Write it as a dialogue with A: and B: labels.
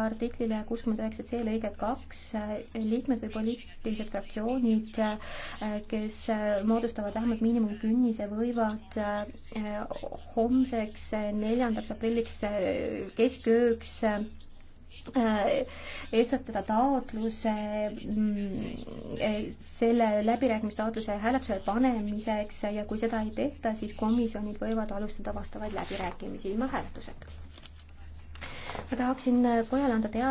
A: artiklile kuuskümmend üheksa C lõiget kaks eh, liikmed või poliitilised fraktsioonid, eh, kes eh, moodustavad vähemalt miinimumkünnise, võivad homseks, neljandaks aprilliks keskööks esitada taotluse mm, selle läbirääkimistaotluse hääletusele panemiseks ja kui seda ei tehta, siis komisjonid võivad
B: alustada vastavaid läbirääkimisi ilma hääletuseta
C: ma tahaksin pojale anda teada,